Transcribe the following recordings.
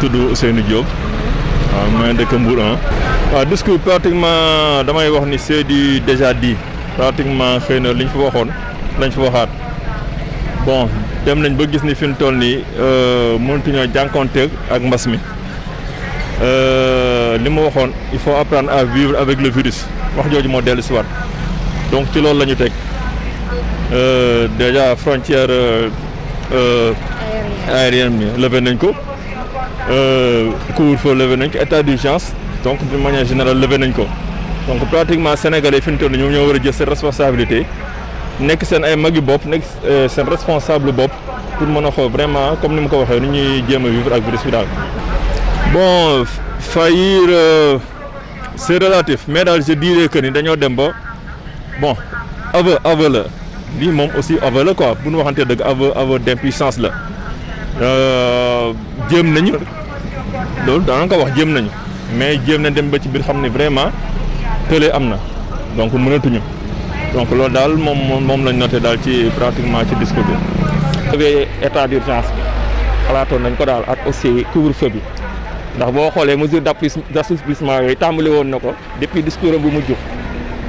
tudd Ousseynou Diop waaw maa ngi dëkk Mbour ah. waaw discours pratiquement damay wax ni c'est du déjà dit pratiquement xëy na li ñu fi waxoon lañ fi waxaat bon dem nañ ba gis ni fi mu toll nii euh, mënatuñoo jànkonteeg ak mbas mi euh, li ma waxoon il faut apprendre à vivre avec le virus wax jooju moo dellu si donc ci loolu la teg euh, déjà frontière aérienne bi levé nañ ko Euh, couvre-feu levé nañ ko état d'urgence donc d'une manière générale levé nañ ko donc pratiquement sénégalais fi ñu toll ñoom ñoo war a jël seen responsabilité nekk seen ay mag yu bopp nekk euh, seen responsable bopp pour mën a xool vraiment comme ni ma ko waxee ni ñuy jéem a vivre ak virus bi daal. bon faillir euh, c'est relatif mais daal je dirais kër ni dañoo dem ba bon aveu aveu la lii moom aussi aveu la quoi bu ñu waxantee dëgg aveu aveu d'impuissance la euh, jéem nañu. loolu daanaka ko wax jéem nañu mais jéem na dem ba ci biir xam ne vraiment tële am na donc mënatuñu donc loolu daal moom moom lañ noté daal ci pratiquement ci discours bi. bu état d'urgence bi xalaatoon nañ ko daal ak aussi couvre-feu bi ndax boo xoolee mesure d'assouplissement yooyu tàmbali woon na ko depuis discours am bu mujj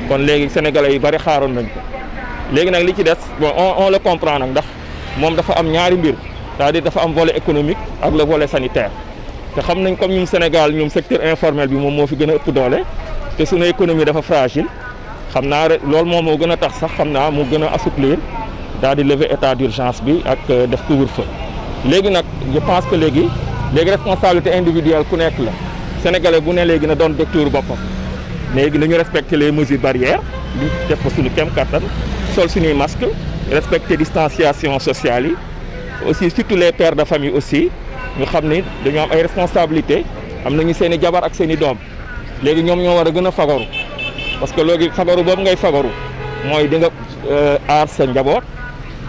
kon léegi sénégale yi bari xaaroon nañ ko léegi nag li ci des bon on le comprend nag ndax moom dafa am ñaari mbir cest à dafa am volet économique ak le volet sanitaire. te xam nañ comme ñun Sénégal ñoom secteur informel bi moom moo fi gën a ëpp doole te sunu économie dafa fragile xam naa rek loolu moom moo gën a tax sax xam naa mu gën a assouplir daal di lever état d'urgence bi ak euh, def couvre-feu léegi nag je pense que léegi léegi responsabilité individuelle ku nekk la sénégalais bu ne léegi na doon docteur boppam léegi nañu respecter les mesures barrières li def ko suñu kem kattan sol suñuy masque respecter distanciation sociale yi aussi surtout les pères de famille aussi ñu xam ni dañoo am ay responsabilité am nañu seen i jabar ak seen i doom léegi ñoom ñoo war a gën a fagaru parce que léegi fagaru boobu ngay fagaru mooy di nga euh, aar sa njaboot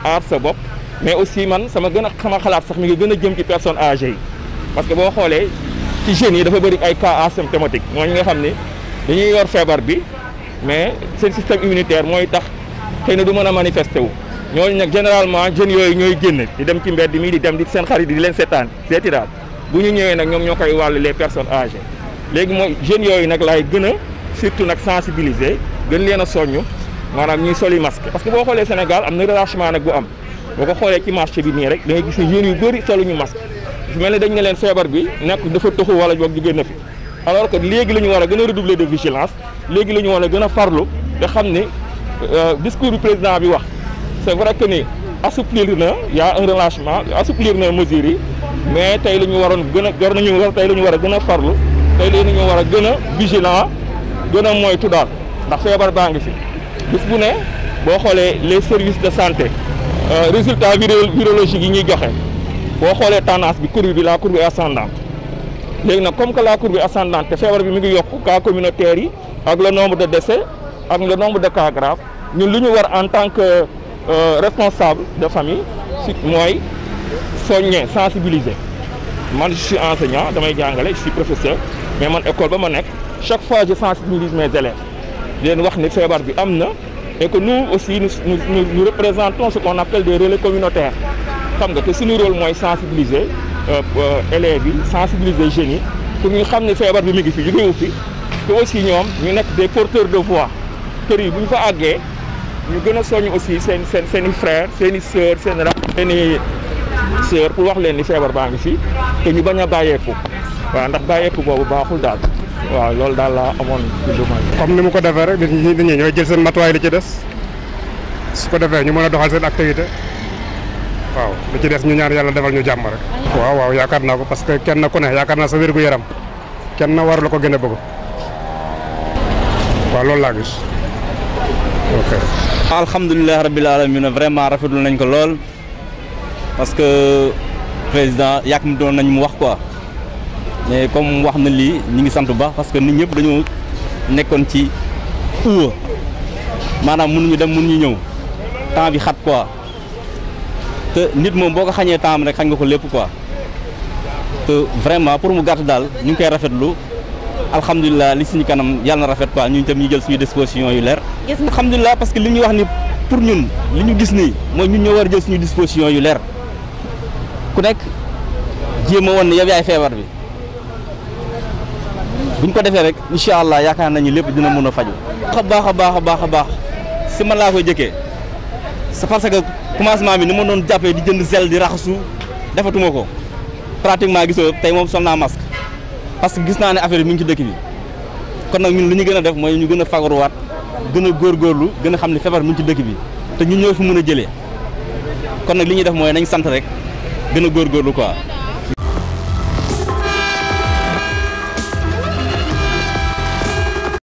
aar sa bopp mais aussi man sama gën a xama xalaat sax mi ngi gën a jëm ci personnes âgées yi parce que boo xoolee ci jeunes yi dafa bëri ay cas asymptomatiques mooy ñi nga xam ne dañuy yor feebar bi mais seen système immunitaire mooy tax xëy na du mën a manifester wu ñooñu nag généralement jeunes yooyu ñooy génn di dem ci mbedd mi di dem di seen xarit di leen seetaan seeti daal bu ñu ñëwee nag ñoom ñoo koy wàllu les personnes âgées léegi mooy jeunes yooyu nag laay gën a surtout nag sensibiliser gën leen a soññ maanaam ñuy soli masque parce que boo xoolee Sénégal am na relâchement nag bu am boo ko xoolee ci marché bi nii rek da ngay gis ne jeunes yu bëri soluñu masque su mel ne dañ ne leen feebar bi nekk dafa toxu wala boog jóge na fi alors que léegi la ñu war a gën a redoubler de vigilance léegi la ñu war a gën a farlu nga xam ne euh, discours du président bi wax c'est vrai que ni assouplir na y a un relâchement assouplir na mesures mais tey la ñu waroon gën a war nañu war tey la ñu war a gën a farlu tey la ñu war a gën a vigilant gën a moytu daal ndax feebar baa ngi fi bis bu ne boo xoolee les services de santé euh, résultat virologique yi ñuy joxe boo xoolee tendance bi courbe bi la courbe ascendante léegi nag comme que la courbe ascendante te feebar bi mu ngi yokk cas communautaire yi ak le nombre de décès ak le nombre de cas graves en tant que Euh, responsable de famille si mooy soññe sensibiliser man je suis enseignant damay jàngale si suis professeur mais man école ba ma nekk chaque fois je sensibilise mes élèves di leen wax ne feebar bi am na et que nous aussi nous nous nous représentons ce qu'on appelle des relais communautaires xam nga te suñu rôle mooy sensibiliser euh, euh, élèves yi sensibiliser jeunes yi pour ñu xam ne feebar bi mu ngi fi jógewu fi te aussi ñoom ñu nekk des porteurs de voix kër yi bu ñu fa àggee. ñu gën a soññ aussi seen seen seen i frère seen i sœur seen rak seen i sœur pour wax leen ni feebar baa ngi fi te ñu bañ a bàyyeeku waa ndax bàyyeeku boobu baaxul daal waaw loolu daal laa amoon ci comme ni mu ko defee rek nit ñi nit ñi ñooy jël seen matuwaay li ci des su ko defee ñu mën a doxal seen activité waaw li ci des ñu ñaan yàlla defal ñu jàmm rek. waaw waaw yaakaar naa ko parce que kenn ku ne yaakaar naa sa wérgu yaram kenn war la ko gën a bëgg loolu laa ok alhamdulilah rabil aalamiina vraiment rafetlu nañ ko lool parce que président doon nañ mu wax quoi mais comme wax na lii ñu ngi sant bu parce que nit ñëpp dañoo nekkoon ci uwa maanaam mënuñu dem ñu ñëw temps bi xat quoi te nit moom boo ko xañee temps rek xañ nga ko lépp quoi te vraiment pour mu gàtt daal ñu ngi koy rafetlu. alhamdulilah li suñu kanam yàlla na rafet quoi ñu tam ñu jël suñu disposition yu leer. alhamdulilah parce que li ñu wax ni pour ñun li ñu gis nii mooy ñun ñoo war a jël suñu disposition yu leer ku nekk jéem a woon ne yow yaay feebar bi buñ ko defee rek incha allah yaakaar nañu lépp dina mën a faju a baax a baax a a baax si man laa koy jëkkee c'est parce que commencement bi ni ma doon jàppee di jënd sel di raxasu defatuma ko pratiquement gisoo tey moom sol naa masque. parce que gis naa ne affaire bi mi ngi ci dëkk bi kon nag ñun li ñu gën a def mooy ñu gën a fagaruwaat gën a góorgóorlu gën a xam ne feebar mi ngi ci dëkk bi te ñu ñoo fi mun a jëlee kon nag li ñuy def mooy nañ sant rek gën a góorgóorlu quoi